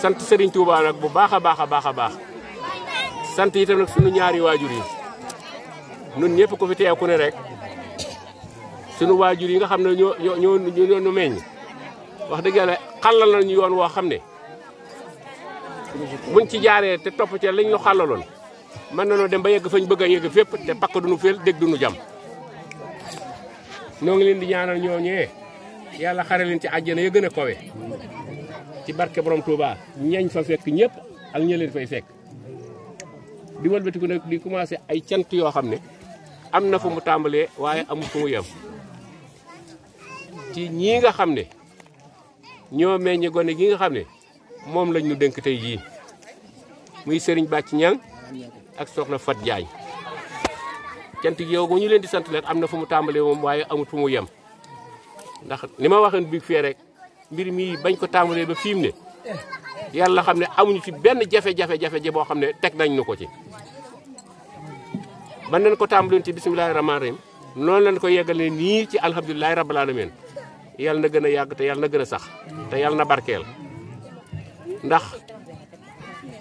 sant Serigne Touba nag bu baax a baax a baax a baax sant itam nag sunu ñaari waajur yi nun ñëpp ku fi teew ku ne rek sunu waajur yi nga xam ne ñoo ñoo ñoo ñu meññ wax dëgg yàlla xàllal ñu yoon woo xam ne buñ ci jaaree te topp ca liñ ñu xàllaloon mën nañoo dem ba fañ bëgg a yegg fépp te pakk du féel dégg duñu jam ñoo ngi leen di ñaanal ñoo ñëwee yàlla xare leen ci àjjana ya gën a kowe ci barke borom Touba ñañ fa fekk ñëpp ak ña leen fay fekk di wëlbatiku nag di commencé ay cant yoo xam ne am na fu mu tàmbalee waaye amul fu mu yem ci ñii nga xam ne ñoo meññi gone gi nga xam ne moom lañ ñu dénk tey jii muy sëriñ Bàcc Ñang ak soxna Fat Jaañ cant yow gu ñu leen di sant leen am na fu mu tàmbalee woom waaye amul fu mu yem ndax ni ma waxoon biig fee rek mbir mi bañ ko tàmbalee ba fi mu ne yàlla xam ne amuñu ci benn jafe-jafe jafe boo xam ne teg nañ nu ko ci ban nañ ko tàmbalee ci bisimilahi rahmaani rahim noonu lañ ko yeggale nii ci alhamdulilahi rabbil alamin yalla na gën a yàgg te yàlla na gën a sax te yàlla na barkeel ndax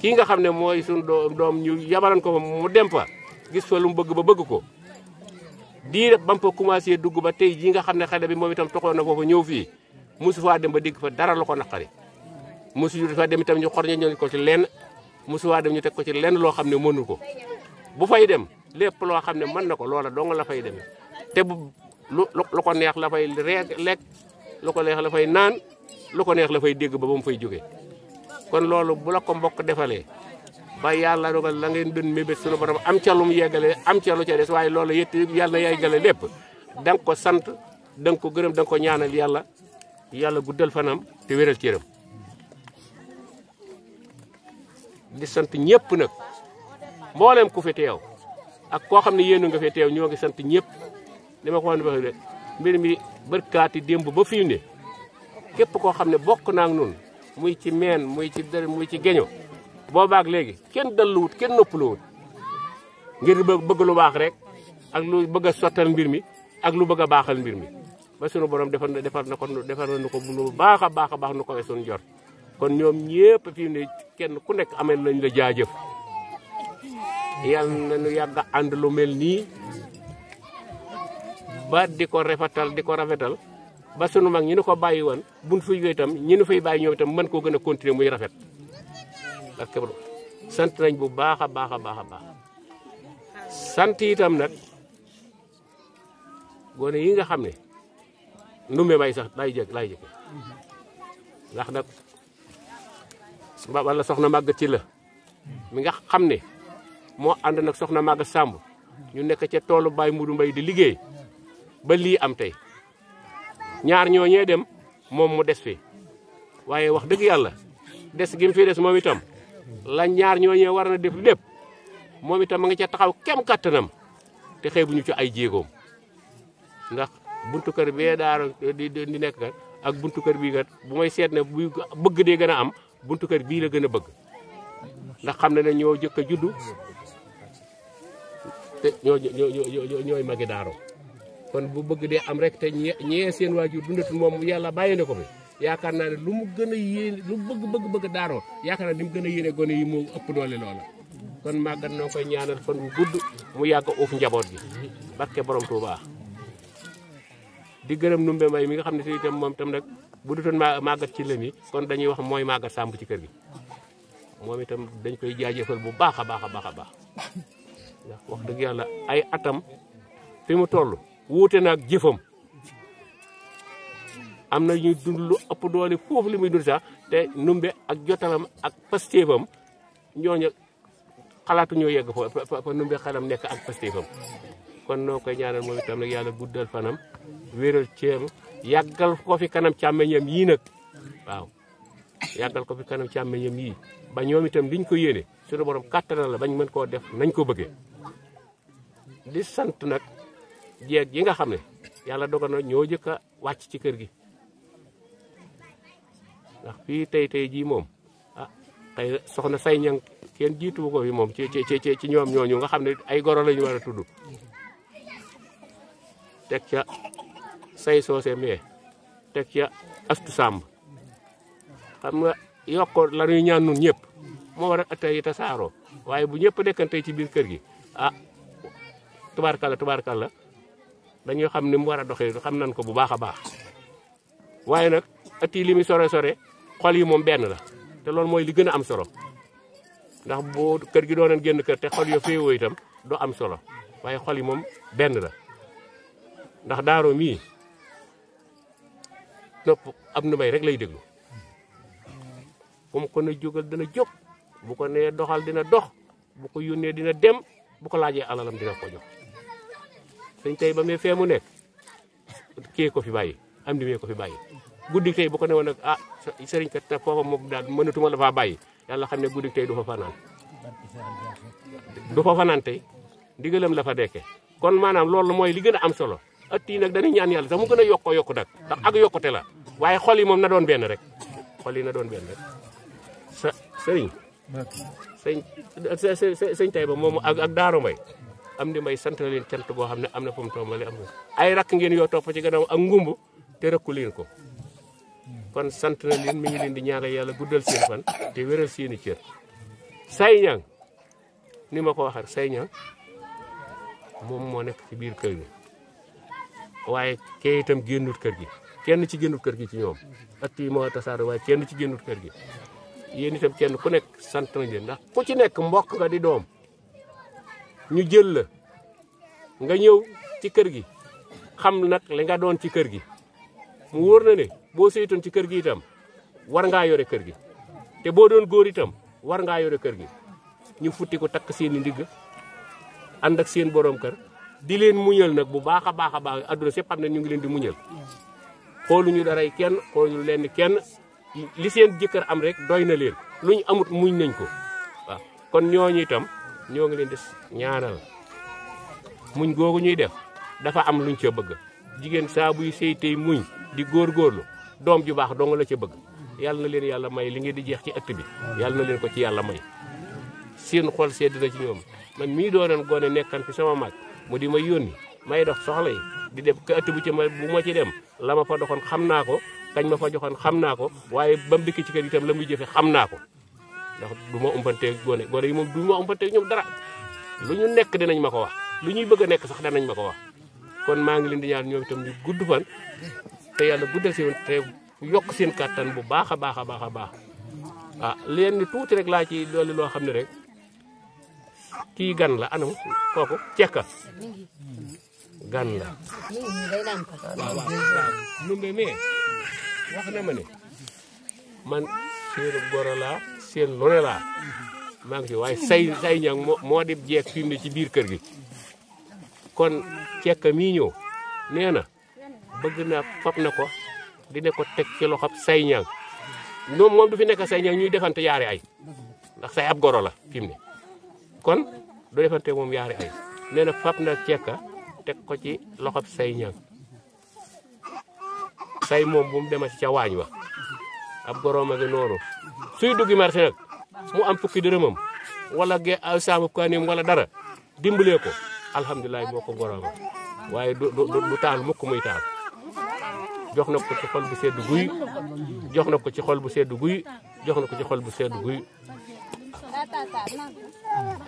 kii nga xam ne mooy suñu doom ñu yabalan ko mu dem fa gis fa lu mu bëgg ba bëgg ko diir ba mu fa commencé dugg ba tey jii nga xam ne xale bi moom itam toxoon na foofu ñëw fii musu fa dem ba deg fa dara lako nakari musu musu fa dem tam ñu xor ñu ko ci lenn musu wa dem ñu tek ko ci lenn lo xamne mënu ko bu fay dem lepp lo xamne man nako lola do nga la fay dem te bu lu ko neex la fay reeg lekk lu ko neex la fay naan lu ko neex la fay deg ba bu mu fay joge kon lolu bu la ko mbokk defale ba yalla dogal la ngeen dun mebe sunu borom am ci lu mu yeggale am ci lu ci dess waye lolu yalla ko sante dang ko gëreem dang ko ñaanal yalla yàlla guddal fanam te wéral cëram di sant ñëpp nag mboolem ku fi ak koo xam ne yéen nga fi teew ñoo ngi sant ñëpp li ma mbir mi bërkaati démb ba fii ne képp koo xam ne bokk naa ak nun muy ci meen muy ci dër muy ci geño boobaak léegi kenn dalluwut kenn noppaluwut ngir bëgg lu baax rek ak lu bëgg a mbir mi ak lu bëgg a baaxal mbir mi ba suñu borom defal na defal na ko defal na ko bu baaxa baaxa baax nu ko sunu jor kon ñoom ñepp fi ne kenn ku nek amel nañ la jaajeuf yal na nu yàgg ànd lu mel ni ba di ko rafetal di ko rafetal ba suñu mag ñi ko bàyyi buñ fuy yooyu ñi ñu fay bayyi ñoom tam man ko gëna continuer muy rafet parce que sant nañ bu baax a baax baax sant itam nak gone yi nga xamne ndumbe may sax day jëkk lay jëkk ndax nag soxna màgg ci la mi nga xam ne moo ànd nag soxna màgg sàmb ñu nekk ca toolu baay mudu mbay di liggéey ba lii am tey ñaar ñooñee dem moom mu des fi waaye wax dëgg yàlla des gi mu fi des moom itam la ñaar ñoo ñooñee war na def lépp moom itam ma nga ca taxaw kem kattanam te xeebuñu ci ay jéegoom ndax buntu kër bee daara di di nekk kat ak buntu kër bii kat bu mooy seet ne bu bëgg dee gën a am buntu kër bii la gën a bëgg ndax xam ne ne ñoo jëkk a juddu te ñoo ñoo ñooy magi daaro kon bu bëgg dee am rek te ñee seen waajur dundatul moom yàlla bàyyi na ko yaakaar naa lu mu gën a yéene lu bëgg bëgg bëgg daaroo yaakaar naa ni mu gën a yéene gone yi moo ëpp doole loola kon màggat noo koy ñaanal fan wu gudd mu yàgg uuf njaboot gi barke borom Tuubaa di gërëm numbe mbay mi nga xam ne si itam moom tam nag bu dutoon ma màggat ci lëm kon dañuy wax mooy màggat sàmb ci kër gi moom itam dañ koy jaajëfal bu baax a baax a baax a baax wax dëgg yàlla ay atam fi mu toll wuute naag jëfam am na ñuy dund lu ëpp doole foofu li muy dund sax te numbe ak jotalam ak pastéefam ñooñu xalaatu ñoo yegg fa fa numbe xelam nekk ak pastéefam kon noo koy ñaanal moom itam nag yàlla guddal fanam wéeral ceeru yàggal ko fi kanam càmmeñam yii nag waaw yàggal ko fi kanam càmmeñam yii ba ñoom itam liñ ko yéene suñu borom kàttanal la bañ mën koo def nañ ko bëggee di sant nag jeeg yi nga xam ne yàlla dogal na ñoo jëkk a wàcc ci kër gi ndax fii tey tey jii moom ah xëy soxna say ñang kenn jiitu ko fi moom ci ci ci ci ñoom ñooñu nga xam ne ay goro lañu war a tekya ca say soose mee teg astu sàmb xam nga yokko la ñu ñaan ñun ñëpp mo war atay ta saaro waye bu ñëpp nekkante ci biir kër gi ah tabarakallah tabarakallah dañu xam ni mu wara doxé doxee xam nañ ko bu baaxa baax waye nak ati limi sore sore xol yi mom ben la té lool moy li gëna am solo ndax bo kër gi do nañ kër te xol yo ya féewoo itam do am solo waye xol yi mom ben la ndax daaro mii nopp ab nu bay rek lay déglu fu mu ko ne jógal dina jóg bu ko nee doxal dina dox bu ko yónnee dina dem bu ko laajee alalam di ko jox sëñ tey ba mee fee mu nekk kii ko fi bàyyi am di mee ko fi bàyyi guddi tey bu ko ne woon nag ah sëriñ kat te foofa moom daal mënatuma la faa bàyyi yàlla xam ne guddi tey du fa fanaan du fa fanaan tey ndigalam la fa dekke kon maanaam loolu mooy li gën a am solo Ati nak dañu ñaan yalla sax mu gëna yokko yokku nak ndax ak yokkute la waye xol yi mom na doon ben rek xol yi na doon ben rek sa sëriñ sëriñ tay ba ak ak daaro may am di may sant na leen cant go xamne amna fu mu am ay rak ngeen yo topp ci gënaaw ak ngumb te rëkku leen ko kon sant na leen mi ngi leen di ñaara yalla guddal seen fan té wëral seen ciir say ñang ni mako waxar say ñang ci biir waaye kee itam génnut kër gi kenn ci génnut kër gi ci ñoom at yi moo tasaare waaye kenn ci génnut kër gi yéen itam kenn ku nekk sant nañ leen ndax ku ci nekk mbokk nga di doom ñu jël la nga ñëw ci kër gi xam nag li nga doon ci kër gi mu wóor na ne boo saytoon ci kër gi itam war ngaa yore kër gi te boo doon góor itam war ngaa yore kër gi ñu futti ko takk seeni ndigg ànd ak seen boroom kër di len muñal nak bu baax a baax aduna sepp xam ñu ngi len di muñal xooluñu daray kenn xooluñu len kenn li seen jëkkër am rek doyna len luñ amut muñ nañ ko wa kon ñooñu itam ñoo ngi len dess ñaanal muñ gogu ñuy def dafa am luñ ci bëgg jigen sa buy sey tey muñ di góorgóorlu dom ju baax dong la ci bëgg yalla na len yalla may li ngeen di jeex ci ëtt bi yalla na len ko ci yalla may seen xol sedd ci ñoom man mii doonoon gone nekkan fi sama mag mu di ma yónni may dox soxla yi di dem ka bu ci ma bu ma ci dem la ma fa doxoon xam naa ko kañ ma fa joxoon xam naa ko waaye bam mu ci kër itam la muy jëfe xam naa ko ndax du ma te gone gone yi moom du ma te ñoom dara lu ñu nekk dinañ ma ko wax lu ñuy bëgg a nekk sax nañ ma ko wax kon maa ngi leen di ñaar ñoom itam ñu gudd fan te yàlla guddal seen te yokk seen kàttan bu baax a baax a baax a baax ah leen ni tuuti rek laa ci dolli loo xam ne rek kii gan la anam kooku cekka gan la waaw waaw numbe mais wax na ma ne man seen goro laa seen lone laa maa ngi ci waaye say say ñang moo di jeeg fi mu ne ci biir kër gi kon cekka mii ñëw nee na bëgg naa na ko dina ko teg ci loxob say ñang ñoom moom du fi nekk say ñang ñuy defante yaari ay ndax say ab goro la fi ne kon du defante moom yaari ay nee na fab na cekka teg ko ci loxob say ñang say moom bu mu demee ci ca waañ wa ab goroom a ngi noonu suy duggi marché nag mu am fukki dërëmam wala ge ah, saamu kanim wala dara dimbalee ko alhamdulilah moo ko gorooma waaye du du taal mukk muy taal jox na ko ci xol bu sedd guy jox na ko ci xol bu sedd guy jox na ko ci xol bu sedd guy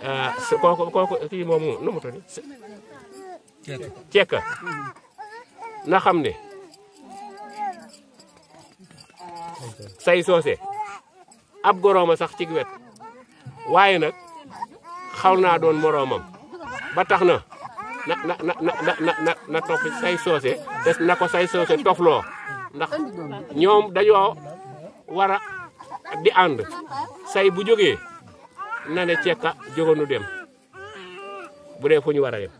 ah kooku kooku kii moomu nu mu tudd. cekk na xam ne say soose ab gorooma sax ci wet waaye nag xaw naa doon moroomam ba tax na na na na na na na topp say soose te na ko say soose tofloo ndax ñoom dañoo war di ànd say bu jógee. na e cekka jógoonu dem bu dee fu ñu war a dem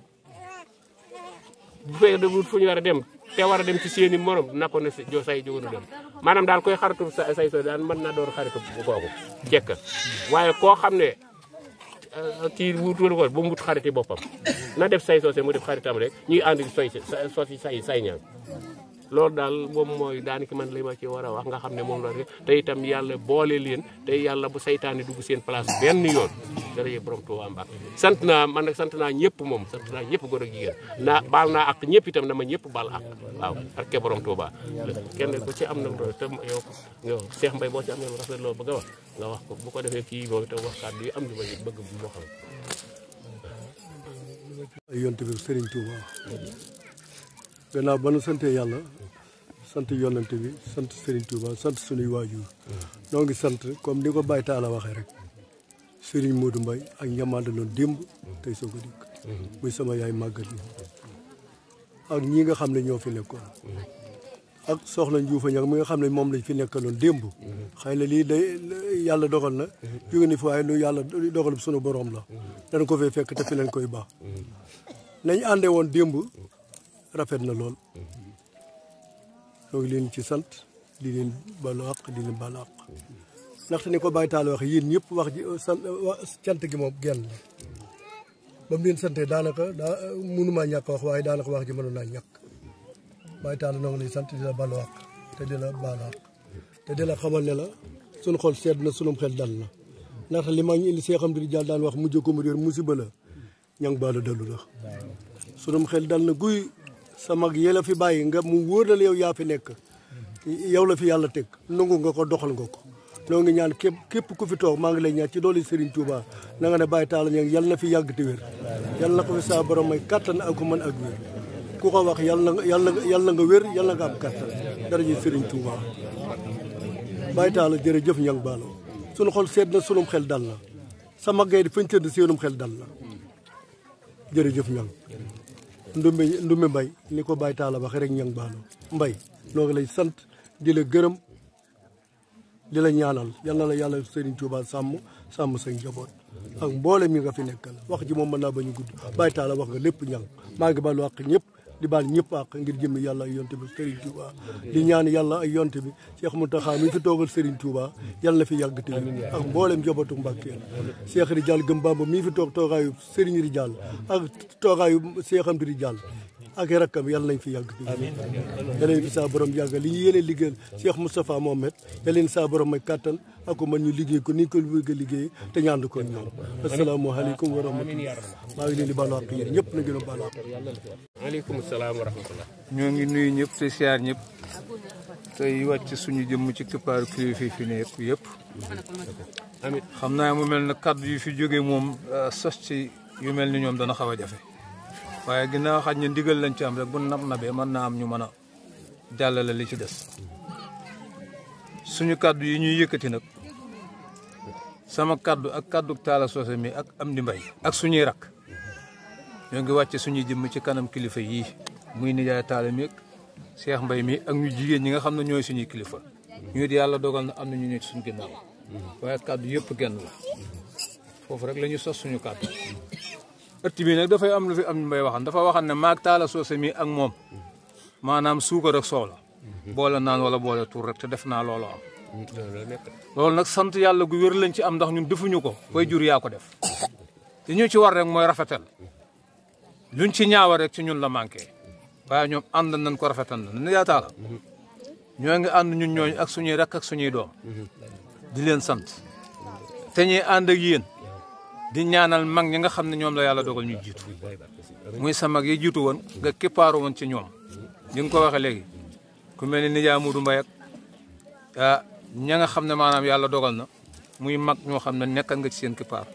bu fekkee da fu ñu war a dem te war a dem ci seeni morom na ko ne jo say jógoonu dem maanaam daal koy xaritu say so daal mën na doon xaritu kooku jekk waaye koo xam ne euh, kii wutul ko ba mu wut xariti boppam na def say soose mu def xaritam rek ñuy ànd soy say say ñaan loolu daal moom mooy daanaka man lay ma ci war a wax nga xam ne moom la rek te itam yàlla boole leen te yàlla bu seytaane dugg seen place benn yoon jërëjëf borom Tuubaa Mbàkke sant naa man nag sant naa ñëpp moom sant naa ñëpp góor ak jigéen naa baal naa ak ñëpp itam na ma ñëpp baal ak waaw ak ke borom kenn ku ci am na loolu te yow boo ci am na lu rafet loolu wax nga wax ko bu ko defee kii moom itam waxtaan bi am lu ma bëgg bu moo xam yonte gannaaw ba nu santee yàlla sant yonent bi sant Serigne Touba sant sunuy waajur noo ngi sant comme ni ko Baye taala waxee rek Serigne Modou Mbaye ak ñamande loon démb tey soo dikk muy sama yaay màggat yi ak ñi nga xam ne ñoo fi nekkoon ak soxna Njuufa ñag mu nga xam ne moom lañ fi nekkaloon démb xëy na lii day yàlla dogal na jóge ni fi waaye nu yàlla dogal sunu borom la dañ ko fee fekk te fi koy baax nañ ànde woon démb rafet na lool ngi leen ci sant di leen balaq di leen balaq àq tane ko Baye Tall wax yeen ñepp wax ji euh, sant euh, gi mom genn bam ba mu danaka da euh, munu ma ñak wax way danaka wax ji mënoon na ñak Baye Tall no ngi sant di la balaq te di la balaq te di la xamal ne la sun xol sedd na sunum xel dal na ndaxte li ma indi cheikh amdou di jall daan wax mu ko mu reer musibe la ñang balu dalu la sunum xel dal na guy sama mag yela fi baye nga mu wóor yow ya fi nek yow la fi yalla tek nungu nga ko doxal nga ko noo ngi ñaan kep kep ku fi tok ma ngi lay ñaan ci doli Serigne Touba na nga ne Baye taala Niang yalla na fi yag te wér yalla ko fi sa borom ay katan ak man ak wér ku ko wax yalla yalla yalla nga wér yalla nga am katan dara ji Serigne Touba Baye jere jëf ñang balo sunu xol na sunum xel dal na sa maggay di tedd ci seenum xel dal na jëf ñang ndumbe ndumbe mbay ni ko Baye Talla waxee rek ñang baalo mbay noo lay sant di gërëm di la ñaanal yal na la yàlla Serigne Touba sàmm sàmm sa njaboot ak mboolem mi nga fi nekkal wax ji moom mën naa ba ñu gudd Baye taala wax nga lépp ñang maa ngi baalu àq ñëpp di baal ñëpp àq ngir jëmmi yàlla a yonte bi Serigne Touba di ñaan yàlla ay yonte bi Cheikh Mountakha mi fi toogal Serigne Touba yàlla na fi yàgg te ak mboolem jobatu Mbàkke Cheikh Rijal Gëm Bamba mii fi toog toogaayu Serigne Rijal ak toogaayu Cheikh Amdi Rijal ak rakkam yàlla nañ fi yàgg bi yàlla nañ fi saa borom yàgg li ñu yéene liggéeyal Cheikh Moustapha Mohamed yàlla nañ saa borom may kattan ak man ñu liggéey ko ni ko bëgg a liggéey te ñaandu ko ñoom asalaamaaleykum wa rahmatullah maa ngi leen di baalu àq yéen ñëpp na gën a baalu àq aleykum salaam wa ñoo ngi nuyu ñëpp te siyaar ñëpp tey wàcc suñu jëmm ci këppaaru kilifa fi ne yëpp xam naa mu mel na kàddu yu fi jóge moom euh, sos ci yu mel ni ñoom dana xaw a jafe waye ginaaw xaj na ndigal lañ ci am rek bu nab nabee man na am ñu mëna dalal li ci dess suñu kaddu yi ñuy yëkëti nak sama kaddu ak kaddu taala soose mi ak am di mbay ak suñuy rak ñu ngi wàcce suñu jëm ci kanam kilifa yi muy nijaay taala mi ak cheikh mbay mi ak ñu jigeen ñi nga xam ñoy suñu kilifa ñu di yalla dogal na am ñu ñu suñu ginnaaw waye kaddu yëpp genn la fofu rek lañu sos suñu kaddu ëtt bi nag dafay am lu fi am mbay waxan dafa waxan ne maag taala soose mi ak moom maanaam suukar ak soow la naan wala boole tuur rek te def naa loolu am loolu nag sant yàlla gu wér lañ ci am ndax ñun defuñu ko way jur yaa ko def li ñu ci war rek mooy rafetal luñ ci ñaawa rek ci ñun la manqué waaye ñoom ànd nañ ko rafetal na ne yaa taala ñoo ngi ànd ñun ñooñu ak suñuy rakk ak suñuy doom di leen sant te ñuy ànd ak yéen di ñaanal mag ñi nga xam ne ñoom la yàlla dogal ñu jiitu muy sa mag yi jiitu woon nga kippaaru woon ci ñoom ñi nga ko waxee léegi ku mel ni nijaay Moudou Mbaye ak ah, ña nga xam ne maanaam yàlla dogal na muy mag ñoo xam ne nekkal nga ci seen kippaar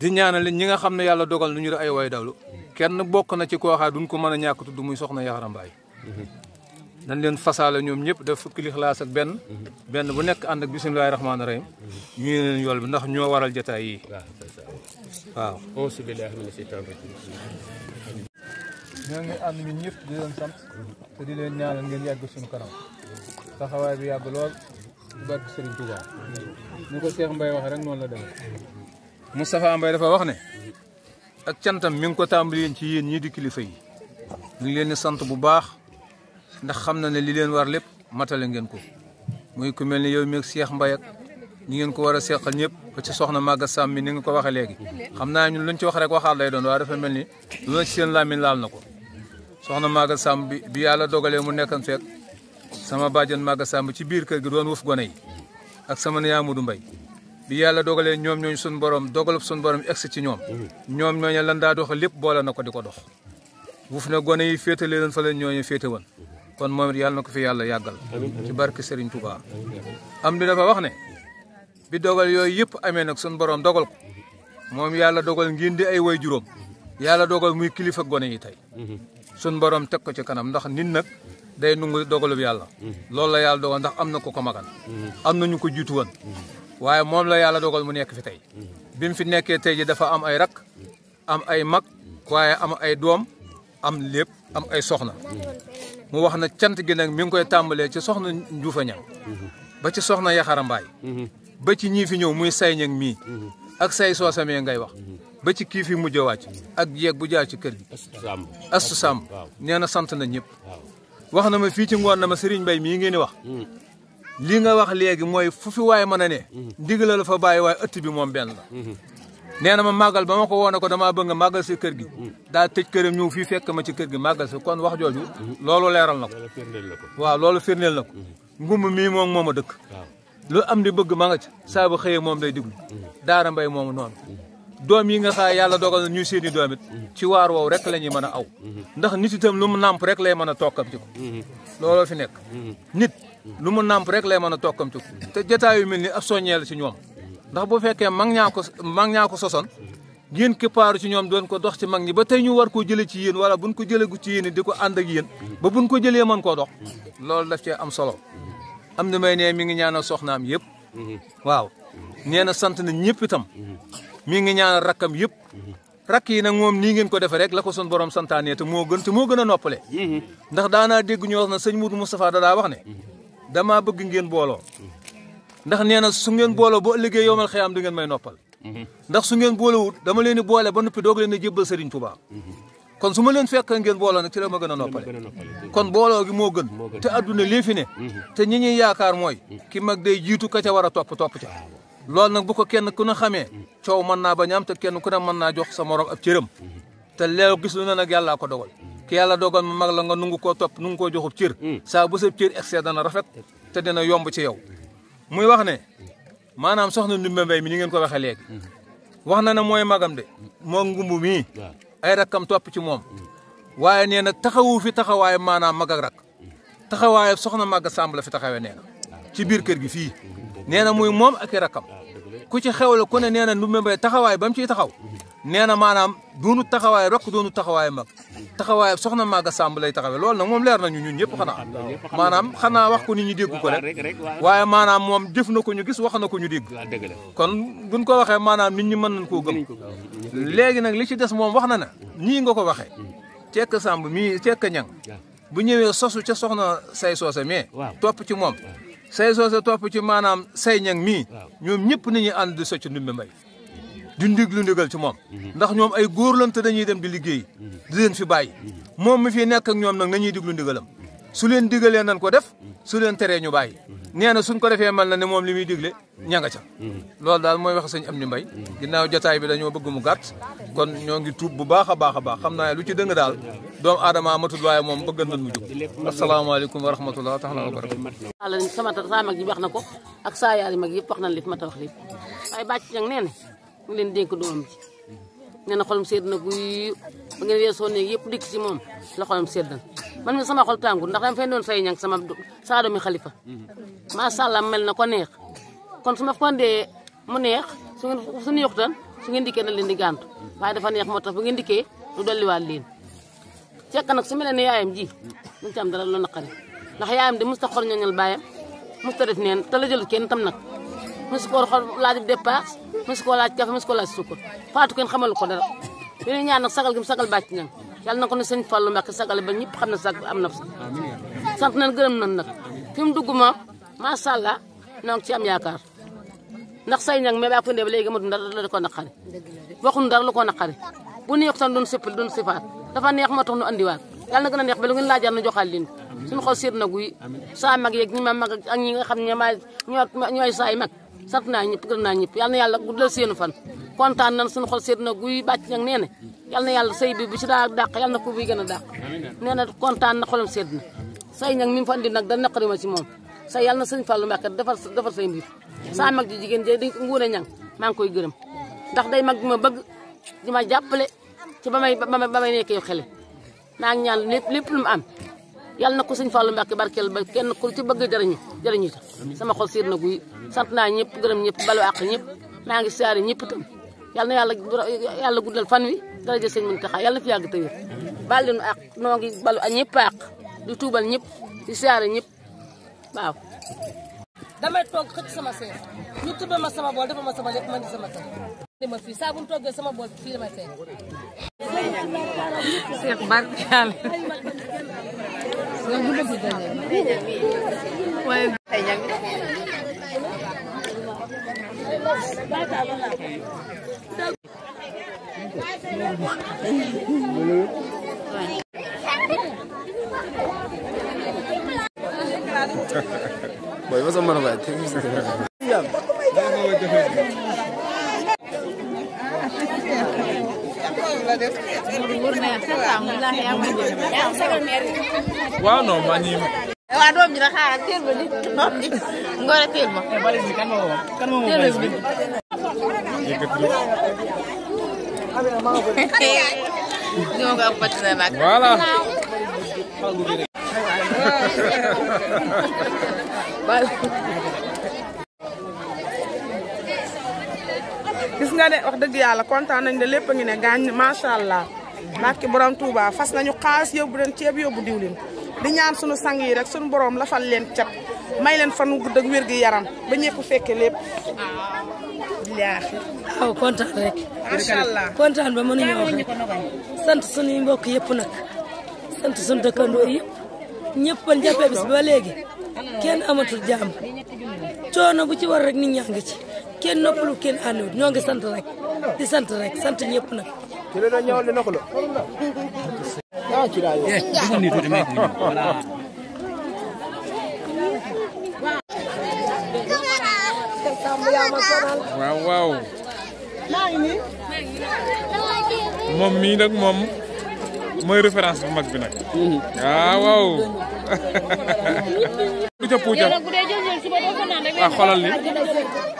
di ñaanal ñi nga xam ne yàlla dogal nu ñu di ay way dawlu kenn bokk na ci ko xam duñ ko mën a ñàkk tudd muy soxna Yaxarambaay dañ leen fasaale ñoom ñëpp def fukki lixlaas ak ben ben bu nek and ak bismillahir rahmanir rahim ñu leen yool bi ndax ñoo waral jotaay yi waaw on subhanallahi min shaitan rajim ñoo ngi ànd ñun ñëpp di leen sant te di leen ñaanal ngeen yagg suñu karam taxaway bi yagg lool bu barke Serigne Touba ni ko Cheikh mbay wax rek non la dem mustafa mbay dafa wax ne ak cantam mi ngi ko tambali ci yeen ñi di kilifa yi ñu leen ni sant bu baax ndax xam na ne li leen war lépp matale ngeen ko mu ku mel ni yow meeg Cheikh Mbaye ak ñi ngeen ko war a seqal ñëpp ba ci soxna Maga Samb mi ni nga ko waxee léegi. xam naa ñun luñ ci wax rek waxaat lay doon waaye dafa mel ni lu na ci seen làmmiñ laal na ko soxna Maga Samb bi bi yàlla dogalee mu nekkan feek sama bàjjen Maga Samb ci biir kër gi doon wëf gone yi ak sama niyaa Modou Mbaye bi yàlla dogalee ñoom ñooñu suñu borom dogalub suñu borom egsi ci ñoom ñoom ñooñu lan daa doxal lépp boole na ko di ko dox wuf na gone yi féete leen fa la ñooñu féete kon moom it na ko fi yàlla yàggal ci barke Serigne Touba am di dafa wax ne bi dogal yooyu yëpp amee nag suñu borom dogal ko moom yàlla dogal ngeen di ay way juróom yàlla dogal muy kilifa gone yi tey suñu borom teg ko ci kanam ndax nin nag day nungu dogalub yàlla loolu la yàlla dogal ndax am na ko ko magan am na ñu ko jiitu woon waaye moom la yàlla dogal mu nekk fi tey bi mu fi nekkee tey ji dafa am ay rak am ay mag waaye am ay doom am lép am ay soxna mu wax na cant gi nag mi ngi koy tàmbalee ci soxna Njuufa Ñaŋ ba ci soxna Yaxara Mbaay ba ci ñii fi ñëw muy say ñag mii ak say soosamee ngay wax ba ci kii fi mujj wàcc ak yeeg bu jaar ci kër gi astu sàmm nee na sant na ñëpp wax na ma fii ci ngoon na ma Serigne Mbaye mii ngeen di wax lii nga wax léegi mooy fu fi waay mën a ne mm. ndigal la fa bàyyi waay ëtt bi moom benn la mm-hmm. nee na ma màggal ba ma ko woone ko damaa bëgg nga màggal si kër gi daa tëj këram ñëw fii fekk ma ci kër gi màggal si kon wax jooju loolu leeral na ko waaw loolu firndeel na ko mm-hmm. ngumb mii moom moom a dëkk lu am di bëgg ma nga ci mm-hmm. saa bu xëyee moom day diglu mm-hmm. daara mbay moom noonu doom yi nga xaa yàlla dogal na ñuy seeni doom ci waar woow rek la ñuy mën a aw ndax nit itam lu mu nàmp rek lay mën a tokkam ci ko looloo fi nekk nit lu mu nàmp rek lay mën a tokkam ci te jataay yu mel ni ab soññee la ndax bu fekkee mag ñaa ko mag ñaa ko sosoon yéen kippaaru ci ñoom doon ko dox ci mag ñi ba tey ñu war koo jëlee ci yéen wala buñ ko jëlee gu ci yéen di ko ànd ak yéen ba buñ ko jëlee mën koo dox loolu daf cee am solo am na may ne mi ngi ñaanal soxnaam yëpp waaw nee na sant na ñëpp itam mi ngi ñaanal rakkam yëpp rakk yi nag moom nii ngeen ko defee rek la ko son borom santaane te moo gën te moo gën a noppale mhm. ndax daanaa dégg ñu na sëñ Mourou Moustapha da daa wax ne damaa bëgg ngeen booloo ndax nee na su ngeen booloo ba liggéey yowmal xiyaam du ngeen may noppal ndax su ngeen boolewut dama leen di boole ba noppi doog leen a jébbal Serigne Touba kon su ma leen fekk ngeen booloo nag ci la ma gën a noppale kon booloo gi moo gën te adduna lii fi ne te ñi ñuy yaakaar mooy ki mag day jiitu ka ca war a topp topp ca loolu nag bu ko kenn ku ne xamee coow mën naa bañ am te kenn ku ne mën naa jox sa morom ab cëram te leew gis lu ne nag yàllaa ko dogal ki yàlla dogal mag la nga nungu koo topp nungu koo joxub cër mm. saa bu sa cër excès dana rafet te dina yomb ci yow muy wax ne maanaam soxna Ndoumbé Mbaye mi ni ngeen ko waxee léegi wax na na mooy magam de moo ngumb mii ay rakkam topp ci moom waaye nee na taxawu fi taxawaay maanaam mag ak rak taxawaay soxna Maga Samb la fi taxawe nee ci biir kër gi fii nee na muy moom ak i rakkam ah, ku ci xewle ku ne nee na Ndoumbé Mbaye taxawaay ba mu ciy taxaw nee na maanaam dunu taxawaay rek doonu taxawaay mag taxawaay soxna Maga Samb lay taxawee lool na moom leer nañu ñun ñëpp xanaa maanaam xanaa wax ko nit ñi dégg ko rek waaye maanaam moom jëf na ko ñu gis wax na ko ñu dégg kon buñ ko waxee maanaam nit ñu mën nañ koo gëm léegi nag li ci des moom wax na na nii nga ko waxee cekk Samb mii cekk ñang bu ñëwee sosu ca soxna say soose mais topp ci moom say soose topp ci maanaam say ñang mii ñu ñëpp nañuy ànd di socc ndumbe mbay di ndiglu ndigal ci moom mhm. ndax ñoom ay góor lañ dañuy dem di liggéey mhm. di leen fi bàyyi mhm. moom mi fi nekk ak ñoom nag nañuy diglu ndigalam su leen digalee nañ ko def su leen teree ñu baay nee na suñ ko defee mel na ne moom li muy digle ña nga ca loolu daal mooy wax sëñ am ni mbay ginnaaw jataay bi dañoo bëgg mu gàtt kon ñoo ngi tuub bu baax a baax a baax xam naa lu ci dëng daal doomu aadama matul waaye moom gën nañ mu jóg asalaamaaleykum wa rahmatullah taala wa barakatu ala sama sama mag ji wax na ko ak saa yaari mag yëpp wax nañ li fi ma ta wax lépp waaye bàcc nag mu leen dénk doom ji nee na xolam sedd na guy ba ngeen weesoo néeg yëpp ci moom la xolam sedd man mi sama xol tàngu ndax dama fay doon say ñang sama saa doomi xalifa macha allah mel na ko neex kon su ma ko andee mu neex su ngeen su ñu yoxtan su ngeen dikkee na leen di gàntu waaye dafa neex moo tax bu ngeen dikkee du dolliwaat leen fekk nag su mel ne yaayam ji duñ ci am dara lu naqari ndax yaayam de musta xor ñooñal baayam musta def neen te la jël kenn tam nak musu ko laaj dépasse musu ko laaj café musu ko laaj sukkar faatu kenn xamal ko dara li ñu ñaan nag sagal gi mu sagal bàcc nag yàlla na ne sëñ Fallou Mbacké sagal ba ñëpp xam na sag am na sant nañ gërëm nañ nag fi mu dugg moom allah noo ci am yaakaar ndax say nag mais baa ko ndee ba léegi amatul dara la ko naqari waxuñu dara la ko naqari bu neex tan doon sëppal doon sifaat dafa neex moo tax nu andiwaat yàlla na gën a neex ba lu ngeen laajaat nu joxaat leen suñu xol seet na guy saa mag yeeg ñi ma mag ak ñi nga xam ne ñooy ñooy saay mag sant naa ñëpp gën naa ñëpp yal na yàlla guddal seenu fan kontaan nañ suñu xol seet na guy bàcc nag nee na yal na yàlla sëy bi bu ci daa dàq yal na ko buy gën a dàq nee na kontaan na xolam seet na sëy nag mi fa indi nag da naqari ma ci moom sëy yal na sëñ Fallou Mbacke defar defar say mbir saa mag ji jigéen ji di nguur a ñang maa ngi koy gërëm ndax day mag bi ma bëgg di ma jàppale ci ba may ba may nekkee xele maa ngi ñaan lépp lépp lu mu am yàlla nakusin ko sëñ Fallou Mbacke barkel ba kenn ku ci bëgg jarignu jarignu ta sama xol siir na guy sant na ñepp ñepp balu ak ñepp ma nga siar ñepp tam yàlla na yalla guddal fan wi dara jël seigne Muntaxa yalla fi yag te balu ak no ngi balu ak ñepp ak du tuubal ñepp ci siar ñepp waaw damay tok xëc sama sey ñu tubbe ma sama bol dafa ma sama lepp man di sama tey dama fii saa sama Lagu lebih banyak. Banyak. Boy, what's up, man? Thank you. waaw non voilà. voilà. gis nga ne wax deug yalla content nañ de lepp ngi ne ma sha allah barki borom Touba fas nañu xaalis yóbbu len ceeb yóbbu diwlin di ñaan suñu sang yi rek suñu borom fal len cat may len fanu gudd ak wergu yaram ba ñepp fekke lépp. waaw content rek. macha allah ba mënu ñu wax sant suñu mbokk yëpp nak sant suñu dëkkandoo yëpp ñëpp a jàppee bis ba légui kenn amatu jàmm choono bu ci war rek nit ñaa ci. kenn noppalu kenn àndiwut ñoo ngi sant rek di sant rek sant ñëpp nag. ci la doon ñëwal di noppalu. ah ci laa yor. Eh, waaw waaw. moom mii nag moom mooy référence bu mag bi nag. Ah, waaw waaw. puuca puuca. ah xoolal li.